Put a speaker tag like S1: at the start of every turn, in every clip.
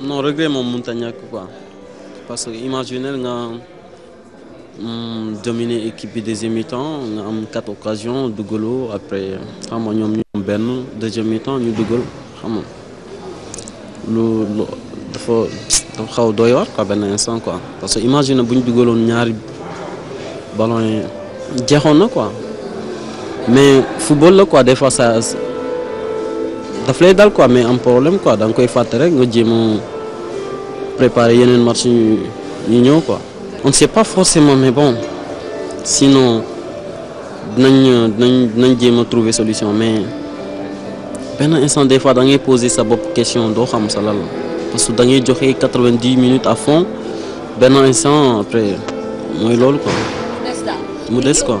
S1: non regret moom mënut a parce que imaginer nga dominer équipe bi deuxième mi-temps nga am quatre occasions dugaloo après xam ñoom ñoom benn deuxième mi-temps ñu dugal xam nga lu lu dafa dafa doy waar quoi benn instant quoi parce que imaginer bu ñu dugaloon ñaari ballon yi jeexoon na quoi mais football la quoi des fois daf lay dal ko mais am problème quoi da nga koy fàtte rek nga jéem a préparer yeneen match yu ñu ñëw quoi. on ne sait pas forcément mais bon sinon dinañ dinañ dinañ jéem a trouver solution mais benn instant des fois da ngay poser sa bopp question doo xam sa lan la parce que da ngay joxe quatre-vingt-dix minutes à fond benn instant après mooy loolu quoi. mu des quoi.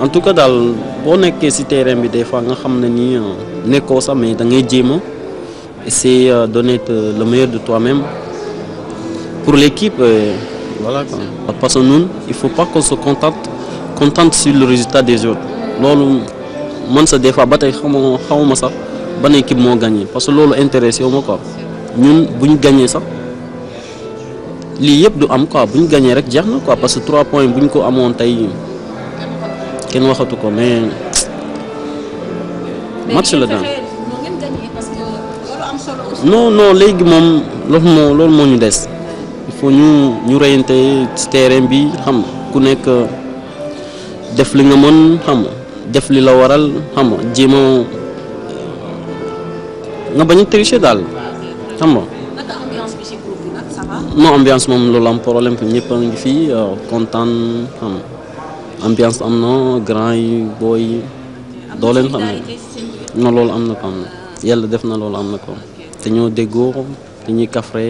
S1: en tout cas daal boo nekkee si terrain bi des fois nga xam ne nii euh, nekkoo sax mais da ngay jéem a essayer euh, donner euh, le meilleur de toi-même pour l'équipe voilà quoi que ñun il faut pas qu'on se contente contente sur résultat des autres loolu man sa des fois ba tey xamoo xamuma sax ba équipe moo gagné parce que loolu intéressé wu ma quoi ñun bu ñu gagné sax lii yëpp du am quoi bu ñu gagné rek jeex na quoi parce que trois points bu ñu ko amoon tey. kenn waxatu ko mais match la daan non non léegi moom loolu moo ñu des il faut ñu ñu reyante ci bi xam ku nekk def li nga mën xam def li la waral xam nga nga bañ a tricher daal xam nga non ambiance moom loolu am problème fi ñëpp a ngi fii kontaan xam ambiance am na grand yi booy yi doo leen xam am na ko am na yàlla def na loolu am na ko te ñoo déggoo te ñuy kafre